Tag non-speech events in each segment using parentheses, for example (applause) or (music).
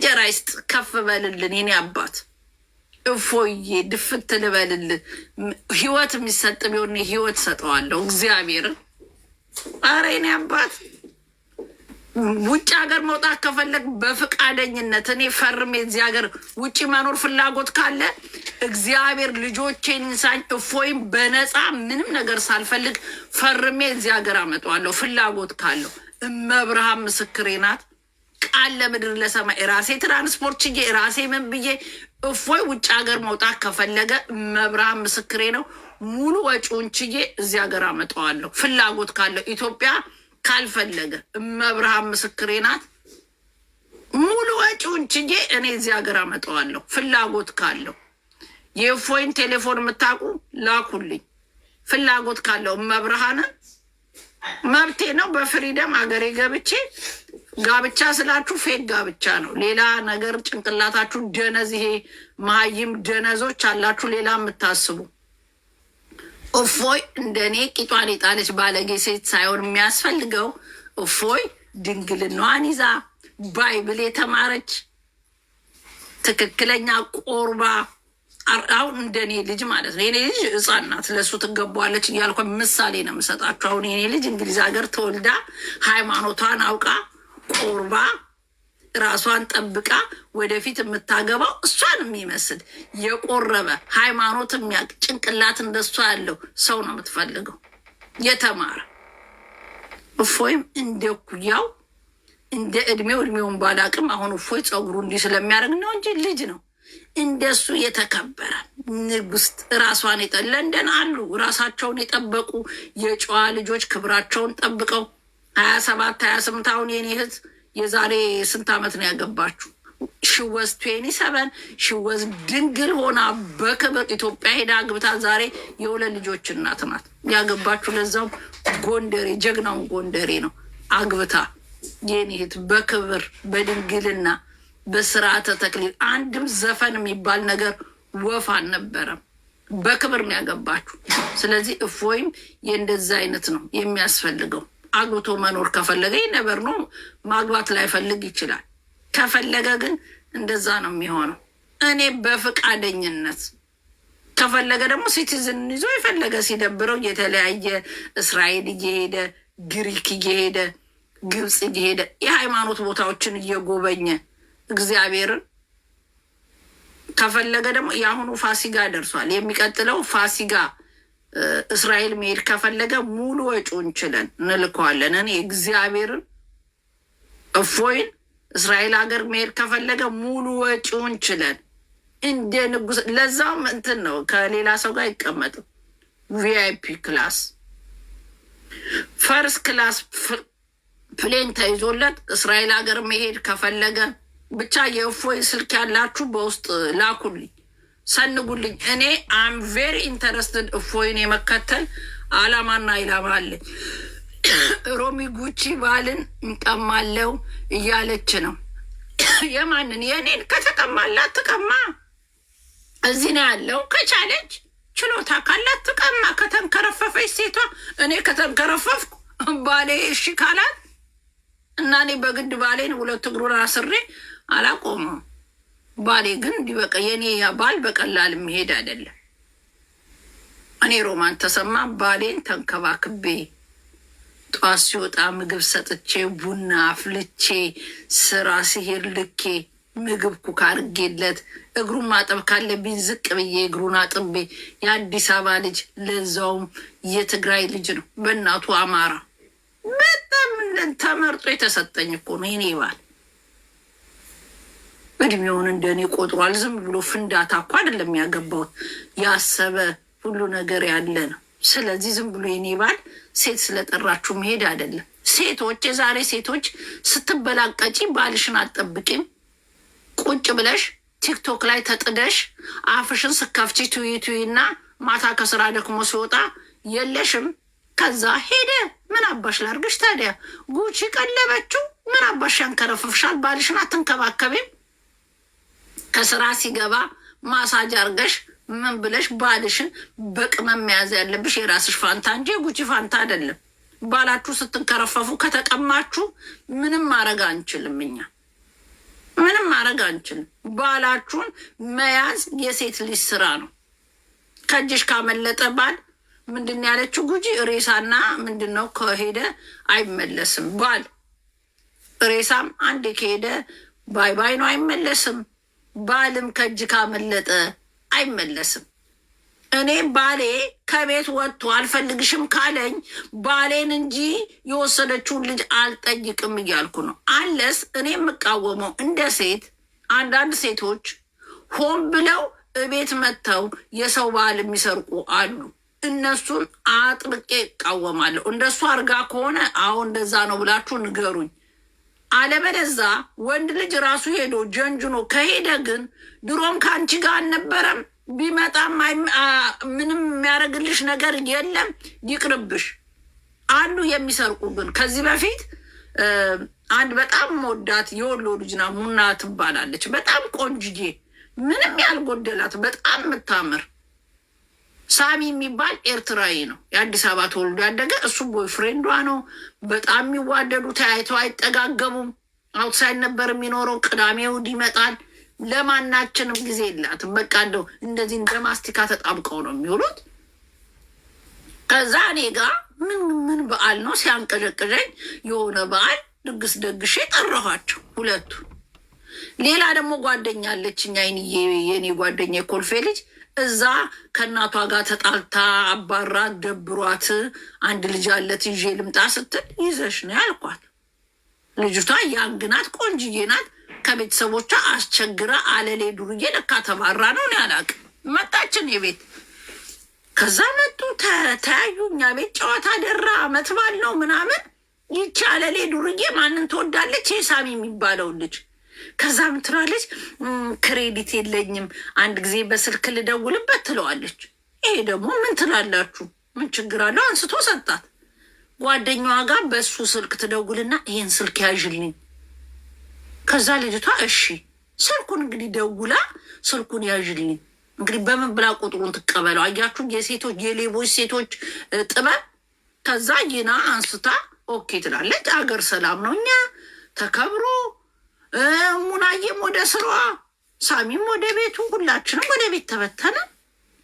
እንጀራ ይስጥ። ከፍ በልልን የኔ አባት እፎዬ፣ ድፍት ልበልልን። ህይወት የሚሰጥ ቢሆን ህይወት ሰጠዋለሁ እግዚአብሔርን። አረ የኔ አባት ውጭ ሀገር መውጣት ከፈለግ በፍቃደኝነት እኔ ፈርሜ እዚህ ሀገር ውጭ መኖር ፍላጎት ካለ እግዚአብሔር ልጆቼን ሳኝ እፎይም በነፃ ምንም ነገር ሳልፈልግ ፈርሜ እዚህ ሀገር አመጣዋለሁ ፍላጎት ካለው። እመብርሃን ምስክሬ ናት። ቃል ለምድር ለሰማይ ራሴ ትራንስፖርት ችዬ ራሴ ምን ብዬ እፎይ ውጭ ሀገር መውጣት ከፈለገ መብርሃን ምስክሬ ነው። ሙሉ ወጪውን ችዬ እዚህ ሀገር አመጣዋለሁ። ፍላጎት ካለው ኢትዮጵያ ካልፈለገ መብርሃን ምስክሬ ናት። ሙሉ ወጪውን ችዬ እኔ እዚህ ሀገር አመጣዋለሁ። ፍላጎት ካለው የእፎይን ቴሌፎን የምታውቁ ላኩልኝ። ፍላጎት ካለው መብርሃንን መብቴ ነው። በፍሪደም አገሬ ገብቼ ጋብቻ ስላችሁ ፌክ ጋብቻ ነው። ሌላ ነገር ጭንቅላታችሁ ደነዝ፣ ይሄ መሀይም ደነዞች አላችሁ ሌላ የምታስቡ እፎይ፣ እንደኔ ቂጧን የጣለች ባለጌ ሴት ሳይሆን የሚያስፈልገው እፎይ ድንግልናዋን ይዛ ባይብል የተማረች ትክክለኛ ቆርባ አሁን እንደኔ ልጅ ማለት ነው። የኔ ልጅ ሕፃን ለሱ ለእሱ ትገባዋለች እያልኩ ምሳሌ ነው የምሰጣችሁ። አሁን የኔ ልጅ እንግሊዝ ሀገር ተወልዳ ሃይማኖቷን አውቃ ቁርባ ራሷን ጠብቃ ወደፊት የምታገባው እሷን የሚመስል የቆረበ ሃይማኖት የሚያቅ ጭንቅላት እንደሷ ያለው ሰው ነው የምትፈልገው። የተማረ እፎይም እንደ ኩያው እንደ እድሜው እድሜውን ባላቅም አሁን እፎይ ፀጉሩ እንዲህ ስለሚያደርግ ነው እንጂ ልጅ ነው። እንደሱ የተከበረ ንጉስት ራሷን ለንደን አሉ ራሳቸውን የጠበቁ የጨዋ ልጆች ክብራቸውን ጠብቀው ሀያ ሰባት ሀያ ስምንት አሁን የኔ ህዝብ የዛሬ ስንት ዓመት ነው ያገባችሁ? ሽወዝ ትዌኒ ሰቨን ሽወዝ ድንግል ሆና በክብር ኢትዮጵያ ሄዳ አግብታ ዛሬ የሁለት ልጆች እናት ናት። ያገባችሁ ለዛውም ጎንደሬ ጀግናውን ጎንደሬ ነው አግብታ የኔ በክብር በድንግልና በስርዓተ ተክሊል አንድም ዘፈን የሚባል ነገር ወፍ አልነበረም። በክብር ነው ያገባችሁ። ስለዚህ እፎይም የእንደዛ አይነት ነው የሚያስፈልገው። አግብቶ መኖር ከፈለገ ነበር ነው ማግባት ላይፈልግ ይችላል። ከፈለገ ግን እንደዛ ነው የሚሆነው። እኔ በፈቃደኝነት ከፈለገ ደግሞ ሲቲዝን ይዞ የፈለገ ሲደብረው የተለያየ እስራኤል እየሄደ ግሪክ እየሄደ ግብፅ እየሄደ የሃይማኖት ቦታዎችን እየጎበኘ እግዚአብሔርን ከፈለገ ደግሞ የአሁኑ ፋሲጋ ደርሷል። የሚቀጥለው ፋሲጋ እስራኤል መሄድ ከፈለገ ሙሉ ወጪውን ችለን እንልከዋለን። እኔ እግዚአብሔርን እፎይን እስራኤል ሀገር መሄድ ከፈለገ ሙሉ ወጪውን ችለን እንደ ንጉስ ለዛም እንትን ነው ከሌላ ሰው ጋር አይቀመጥም። ቪአይፒ ክላስ ፈርስት ክላስ ፕሌን ተይዞለት እስራኤል ሀገር መሄድ ከፈለገ ብቻ የእፎይ ስልክ ያላችሁ በውስጥ ላኩልኝ። ሰንጉልኝ። እኔ አም ቬሪ ኢንተረስትድ እፎይን የመከተል አላማና ኢላማ አለኝ። ሮሚ ጉቺ ባልን እንቀማለው እያለች ነው። የማንን የእኔን? ከተቀማላት ትቀማ። እዚህ ነው ያለው። ከቻለች ችሎታ ካላት ትቀማ። ከተንከረፈፈች ሴቷ እኔ ከተንከረፈፍኩ ባሌ እሺ ካላት እና እኔ በግድ ባሌን ሁለት እግሩን አስሬ አላቆመው ባሌ ግን የኔ ባል በቀላል የሚሄድ አይደለም። እኔ ሮማን ተሰማ ባሌን ተንከባክቤ ጠዋት ሲወጣ ምግብ ሰጥቼ ቡና አፍልቼ ስራ ሲሄድ ልኬ ምግብ ኩክ አድርጌለት እግሩን ማጠብ ካለብኝ ዝቅ ብዬ እግሩን አጥቤ የአዲስ አበባ ልጅ ለዛውም የትግራይ ልጅ ነው፣ በእናቱ አማራ በጣም ተመርጦ የተሰጠኝ እኮ ነው የኔ ባል። እድሜውን እንደኔ ቆጥሯል። ዝም ብሎ ፍንዳታ እኮ አይደለም ያገባው፣ ያሰበ ሁሉ ነገር ያለ ነው። ስለዚህ ዝም ብሎ የኔ ባል ሴት ስለጠራችሁ መሄድ አይደለም። ሴቶች፣ የዛሬ ሴቶች ስትበላቀጪ ባልሽን አትጠብቂም። ቁጭ ብለሽ ቲክቶክ ላይ ተጥደሽ አፍሽን ስከፍቺ ቱይ ቱይ እና ማታ ከስራ ደክሞ ሲወጣ የለሽም። ከዛ ሄደ። ምን አባሽ ላርግሽ ታዲያ? ጉቺ ቀለበችው። ምን አባሽ ያንከረፍፍሻል? ባልሽን አትንከባከቢም። ከስራ ሲገባ ማሳጅ አርገሽ ምን ብለሽ ባልሽን በቅመም መያዝ ያለብሽ የራስሽ ፋንታ እንጂ የጉቺ ፋንታ አይደለም። ባላችሁ ስትንከረፈፉ ከተቀማችሁ ምንም ማድረግ አንችልም። እኛ ምንም ማድረግ አንችልም። ባላችሁን መያዝ የሴት ልጅ ስራ ነው። ከእጅሽ ካመለጠ ባል ምንድን ያለችው ጉጂ ሬሳና ምንድን ነው ከሄደ አይመለስም። ባል ሬሳም አንድ ከሄደ ባይ ባይ ነው፣ አይመለስም። ባልም ከእጅ ካመለጠ አይመለስም። እኔ ባሌ ከቤት ወጥቶ አልፈልግሽም ካለኝ ባሌን እንጂ የወሰደችውን ልጅ አልጠይቅም እያልኩ ነው። አለስ እኔ የምቃወመው እንደ ሴት አንዳንድ ሴቶች ሆን ብለው እቤት መጥተው የሰው ባል የሚሰርቁ አሉ። እነሱን አጥብቄ እቃወማለሁ። እንደሱ አርጋ ከሆነ አሁን እንደዛ ነው ብላችሁ ንገሩኝ። አለበለዛ ወንድ ልጅ ራሱ ሄዶ ጀንጅኖ ከሄደ ግን ድሮም ከአንቺ ጋር አልነበረም፣ ቢመጣም ምንም የሚያደርግልሽ ነገር የለም፣ ይቅርብሽ። አሉ የሚሰርቁብን። ከዚህ በፊት አንድ በጣም መወዳት የወሎ ልጅና ሙና ትባላለች። በጣም ቆንጅዬ ምንም ያልጎደላት በጣም የምታምር ሳሚ የሚባል ኤርትራዊ ነው። የአዲስ አበባ ተወልዶ ያደገ እሱ ቦይፍሬንዷ ነው። በጣም የሚዋደዱ ተያይተው አይጠጋገሙም። አውትሳይድ ነበር የሚኖረው። ቅዳሜ እሑድ ይመጣል። ለማናችንም ጊዜ የላትም። በቃ እንደው እንደዚህ እንደ ማስቲካ ተጣብቀው ነው የሚውሉት። ከዛ እኔ ጋር ምን ምን በዓል ነው ሲያንቀዠቅዠኝ የሆነ በዓል ድግስ ደግሼ ጠራኋቸው ሁለቱ። ሌላ ደግሞ ጓደኛ አለችኝ አይንዬ፣ የኔ ጓደኛ የኮልፌ ልጅ እዛ ከእናቷ ጋር ተጣልታ አባራት ደብሯት አንድ ልጅ አለት ይዤ ልምጣ ስትል ይዘሽ ነው ያልኳት። ልጅቷ ያንግናት ቆንጅዬ ናት። ከቤተሰቦቿ አስቸግራ አለሌ ዱርዬ ለካ ተባራ ነው ያላቅ መጣችን የቤት ከዛ መጡ ተያዩ። እኛ ቤት ጨዋታ ደራ አመት ባለው ምናምን። ይቺ አለሌ ዱርዬ ማንን ትወዳለች? የሳሚ የሚባለውን ልጅ ከዛ ምትለዋለች ክሬዲት የለኝም አንድ ጊዜ በስልክ ልደውልበት ትለዋለች። ይሄ ደግሞ ምን ትላላችሁ? ምን ችግር አለው? አንስቶ ሰጣት። ጓደኛዋ ጋር በእሱ ስልክ ትደውልና ይሄን ስልክ ያዥልኝ። ከዛ ልጅቷ እሺ ስልኩን እንግዲህ ደውላ ስልኩን ያዥልኝ እንግዲህ በምን ብላ ቁጥሩን ትቀበለው? አያችሁ የሴቶች የሌቦች ሴቶች ጥበብ። ከዛ ይና አንስታ ኦኬ ትላለች። አገር ሰላም ነው እኛ ተከብሮ ሙናዬም ወደ ስራዋ፣ ሳሚም ወደ ቤቱ፣ ሁላችንም ወደ ቤት ተበተነ።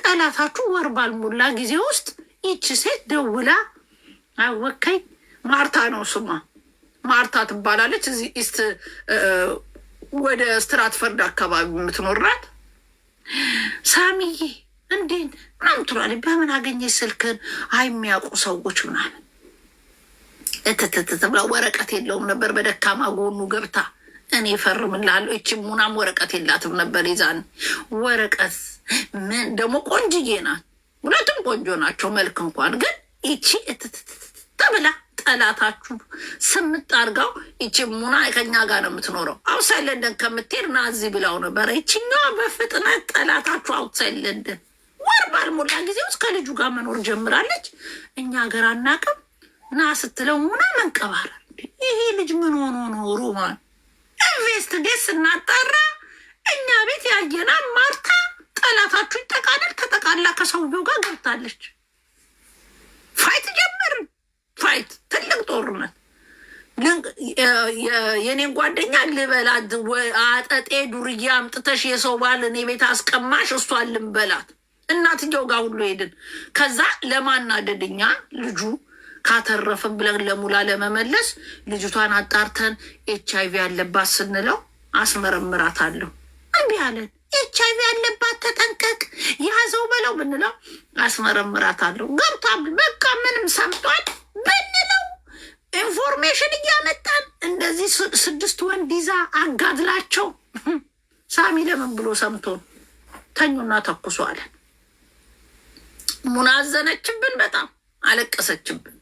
ጠላታችሁ ወር ባልሞላ ጊዜ ውስጥ ይቺ ሴት ደውላ አወካይ ማርታ ነው ስሟ፣ ማርታ ትባላለች። እዚህ ኢስት ወደ ስትራትፈርድ አካባቢ የምትኖራት ሳሚዬ እንዴት ምናምን ትሏል። በምን አገኘ ስልክን? አይ የሚያውቁ ሰዎች ምናምን እትትትት ብላ ወረቀት የለውም ነበር በደካማ ጎኑ ገብታ እኔ ፈርምላለሁ። እቺ ሙናም ወረቀት የላትም ነበር ይዛን ወረቀት ምን ደግሞ ቆንጅዬ ናት። ሁለቱም ቆንጆ ናቸው መልክ እንኳን ግን ይቺ ተብላ ጠላታችሁ ስምት አርጋው ይቺ ሙና ከኛ ጋር ነው የምትኖረው። አውትሳይድ ለንደን ከምትሄድ ና እዚህ ብላው ነበረ። ይችኛዋ በፍጥነት ጠላታችሁ አውትሳይድ ለንደን ወር ባልሞላ ጊዜ ውስጥ ከልጁ ጋር መኖር ጀምራለች። እኛ ሀገር አናቅም ና ስትለው ሙና መንቀባረር። ይሄ ልጅ ምን ሆኖ ነው ሮማን ኢንቨስቲጌት ስናጣራ እኛ ቤት ያየናል። ማርታ ጠላታችሁ ይጠቃለል ተጠቃላ ከሰውየው ጋር ገብታለች። ፋይት ጀመርን። ፋይት ትልቅ ጦርነት የኔን ጓደኛ ልበላት አጠጤ ዱርዬ አምጥተሽ የሰው ባል እኔ ቤት አስቀማሽ፣ እሷን ልንበላት እናትየው ጋር ሁሉ ሄድን። ከዛ ለማናደድኛ ልጁ ካተረፍን ብለን ለሙላ ለመመለስ ልጅቷን አጣርተን ኤች አይቪ ያለባት ስንለው አስመረምራታለሁ እምቢ አለን። ኤች አይቪ ያለባት ተጠንቀቅ፣ ያዘው በለው ብንለው አስመረምራታለሁ ገብቷል፣ በቃ ምንም ሰምቷል ብንለው ኢንፎርሜሽን እያመጣን እንደዚህ ስድስት ወንድ ይዛ አጋድላቸው ሳሚ ለምን ብሎ ሰምቶን ተኙና ተኩሶ አለን። ሙናዘነችብን፣ በጣም አለቀሰችብን።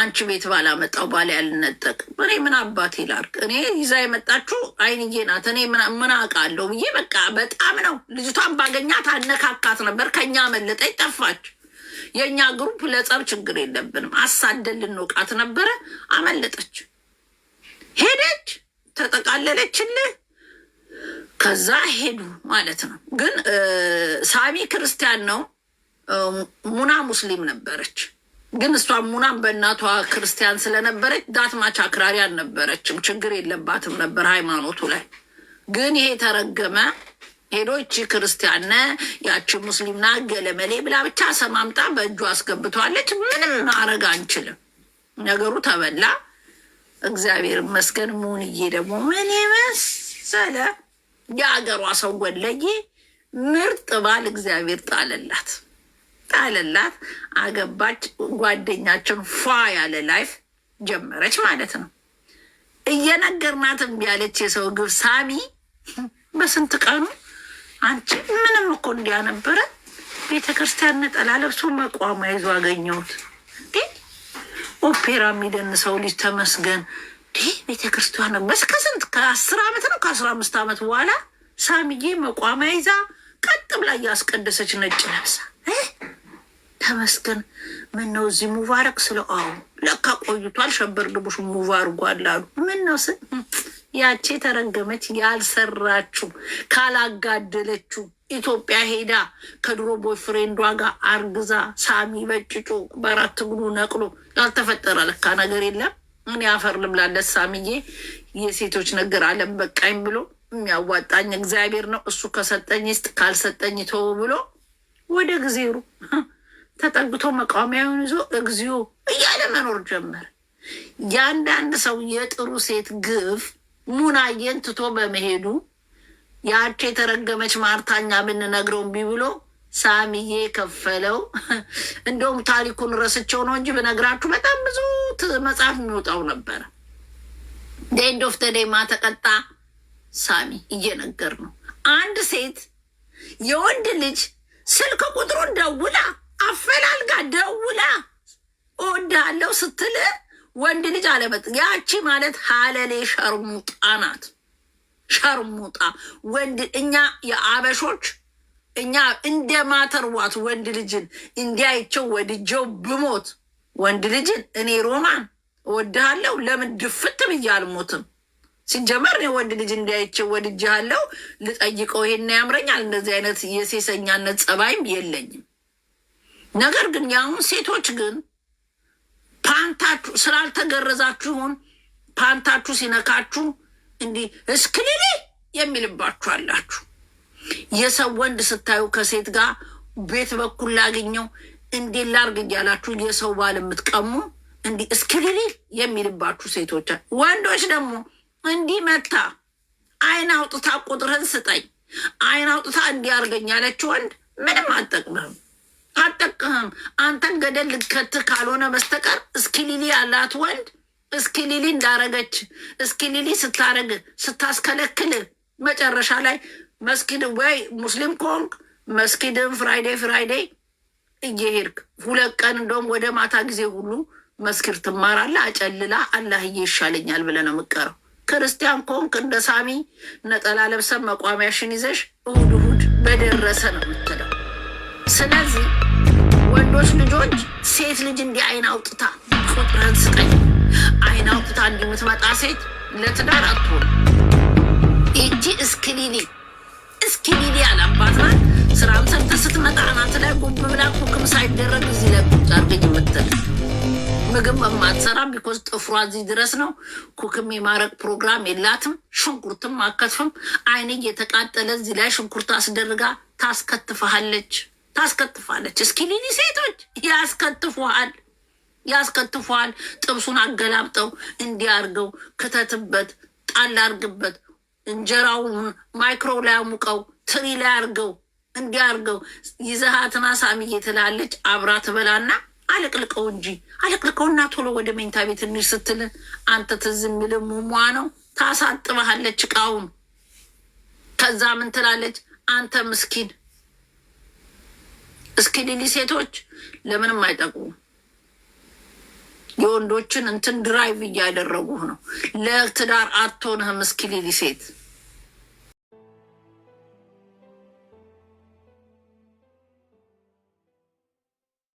አንቺ ቤት ባላመጣው ባሌ ያልነጠቅ እኔ ምን አባቴ ላድርግ? እኔ ይዛ የመጣችሁ አይንዬ ናት። እኔ ምን አውቃለሁ ብዬ በቃ በጣም ነው። ልጅቷን ባገኛት አነካካት ነበር። ከኛ መለጠኝ ጠፋች። የእኛ ግሩፕ ለጸብ ችግር የለብንም። አሳደን ልንውቃት ነበረ። አመለጠች፣ ሄደች፣ ተጠቃለለችልህ። ከዛ ሄዱ ማለት ነው። ግን ሳሚ ክርስቲያን ነው፣ ሙና ሙስሊም ነበረች። ግን እሷ ሙናም በእናቷ ክርስቲያን ስለነበረች ዳትማች አክራሪ አልነበረችም። ችግር የለባትም ነበር ሃይማኖቱ ላይ። ግን ይሄ ተረገመ ሄዶ ይቺ ክርስቲያን ነ ያቺ ሙስሊም ና ገለመሌ ብላ ብቻ ሰማምጣ በእጁ አስገብተዋለች። ምንም ማድረግ አንችልም። ነገሩ ተበላ። እግዚአብሔር ይመስገን። ሙንዬ ደግሞ ምን የመሰለ የአገሯ ሰው ወለዬ ምርጥ ባል እግዚአብሔር ጣለላት። ጣለላት፣ አገባች፣ ጓደኛቸውን ፏ ያለ ላይፍ ጀመረች ማለት ነው። እየነገርናትም ያለች የሰው ግብ ሳሚ በስንት ቀኑ አንቺ ምንም እኮ እንዲያነበረ ቤተ ክርስቲያን ነጠላ ለብሶ መቋማ ይዞ አገኘሁት። ኦፔራ ሰው ልጅ ተመስገን ቤተ ክርስቲያን ነው። በስ ከስንት ከአስር ዓመት ነው ከአስራ አምስት ዓመት በኋላ ሳሚዬ መቋሚያ ይዛ ቀጥ ብላ እያስቀደሰች ነጭ ለብሳ ተመስገን። ምን ነው እዚህ ሙባረቅ ስለ አዎ ለካ ቆይቷል፣ ሸበር ግቡሽ ሙባርጓል አሉ። ነው ስ ያቺ ተረገመች ያልሰራችው ካላጋደለችው ኢትዮጵያ ሄዳ ከድሮ ቦይፍሬንዷ ጋር አርግዛ ሳሚ በጭጩ በአራት እግሩ ነቅሎ ያልተፈጠረ ለካ ነገር የለም። እኔ አፈር ልብላለት ሳሚዬ የሴቶች ነገር አለም በቃኝ ብሎ የሚያዋጣኝ እግዚአብሔር ነው፣ እሱ ከሰጠኝ ስጥ ካልሰጠኝ ተው ብሎ ወደ ጊዜሩ ተጠግቶ መቃወሚያውን ይዞ እግዚኦ እያለ መኖር ጀመር። ያንዳንድ ሰው የጥሩ ሴት ግፍ ሙናዬን ትቶ በመሄዱ ያቺ የተረገመች ማርታኛ ብንነግረው እምቢ ብሎ ሳሚዬ ከፈለው። (laughs) እንደውም ታሪኩን ረስቸው ነው እንጂ ብነግራችሁ በጣም ብዙ መጽሐፍ የሚወጣው ነበረ። ደንድ ኦፍ ተቀጣ ሳሚ እየነገር ነው። አንድ ሴት የወንድ ልጅ ስልክ ቁጥሩን ደውላ አፈላልጋ ደውላ እወድሃለሁ ስትል ወንድ ልጅ አለመጥ ያቺ ማለት ሀለሌ ሸርሙጣ ናት። ሸርሙጣ ወንድ እኛ የአበሾች እኛ እንደ ማተርዋት ወንድ ልጅን እንዲያይቸው ወድጀው ብሞት ወንድ ልጅን እኔ ሮማን እወድሃለሁ ለምን ድፍት ብዬ አልሞትም? ሲጀመር እኔ ወንድ ልጅ እንዲያይቸው ወድጄሃለሁ ልጠይቀው ይሄን ያምረኛል። እንደዚህ አይነት የሴሰኛነት ጸባይም የለኝም። ነገር ግን የአሁን ሴቶች ግን ፓንታችሁ ስላልተገረዛችሁን ፓንታችሁ ሲነካችሁ እንዲህ እስክልሌ የሚልባችሁ አላችሁ። የሰው ወንድ ስታዩ ከሴት ጋር ቤት በኩል ላገኘው እንዴ ላርግ እያላችሁ የሰው ባል የምትቀሙ እንዲህ እስክልሌ የሚልባችሁ ሴቶች፣ ወንዶች ደግሞ እንዲህ መታ አይን አውጥታ ቁጥርህን ስጠኝ አይን አውጥታ እንዲያርገኝ ያለች ወንድ ምንም አጠቅምም። አጠቅህም። አንተን ገደል ልከት ካልሆነ በስተቀር እስኪ ሊሊ ያላት ወንድ እስኪ ሊሊ እንዳረገች እስኪ ሊሊ ስታረግ ስታስከለክል መጨረሻ ላይ መስጊድ ወይ ሙስሊም ኮንክ መስጊድን ፍራይዴ ፍራይዴ እየሄድክ ሁለት ቀን እንደውም ወደ ማታ ጊዜ ሁሉ መስኪር ትማራለ አጨልላ አላህዬ ይሻለኛል ብለህ ነው የምትቀረው። ክርስቲያን ኮንክ እንደ ሳሚ ነጠላ ለብሰን መቋሚያሽን ይዘሽ እሁድ እሁድ በደረሰ ነው የምትለው። ስለዚህ ወንዶች ልጆች ሴት ልጅ እንዲህ አይን አውጥታ ቁጥርህን ስጠኝ፣ አይን አውጥታ እንዲህ የምትመጣ ሴት ለትዳር አትሆን። ይቺ እስክሊኒ እስክሊሊ ያላባትናል። ስራም ሰርተ ስትመጣ አናት ላይ ጉብ ብላ ኩክም ሳይደረግ እዚህ ላይ የምትል ምግብ በማትሰራ ቢኮዝ ጥፍሯ እዚህ ድረስ ነው። ኩክም የማረቅ ፕሮግራም የላትም። ሽንኩርትም አከትፍም። አይን እየተቃጠለ እዚህ ላይ ሽንኩርት አስደርጋ ታስከትፈሃለች። ታስከትፋለች። እስኪሊኒ ሴቶች ያስከትፏል፣ ያስከትፏል። ጥብሱን አገላብጠው እንዲያርገው ክተትበት፣ ጣል አርግበት፣ እንጀራውን ማይክሮ ላይ አሙቀው፣ ትሪ ላይ አርገው፣ እንዲያርገው ይዘሃትና ሳሚዬ ትላለች። አብራ ትበላና አለቅልቀው እንጂ አለቅልቀውና ቶሎ ወደ መኝታ ቤት እንሂድ ስትል አንተ ትዝ የሚል ሙሟ ነው። ታሳጥበሃለች እቃውን። ከዛ ምን ትላለች አንተ ምስኪን እስኪኒኒ ሴቶች ለምንም አይጠቅሙም። የወንዶችን እንትን ድራይቭ እያደረጉ ነው። ለትዳር አትሆንህም እስኪኒኒ ሴት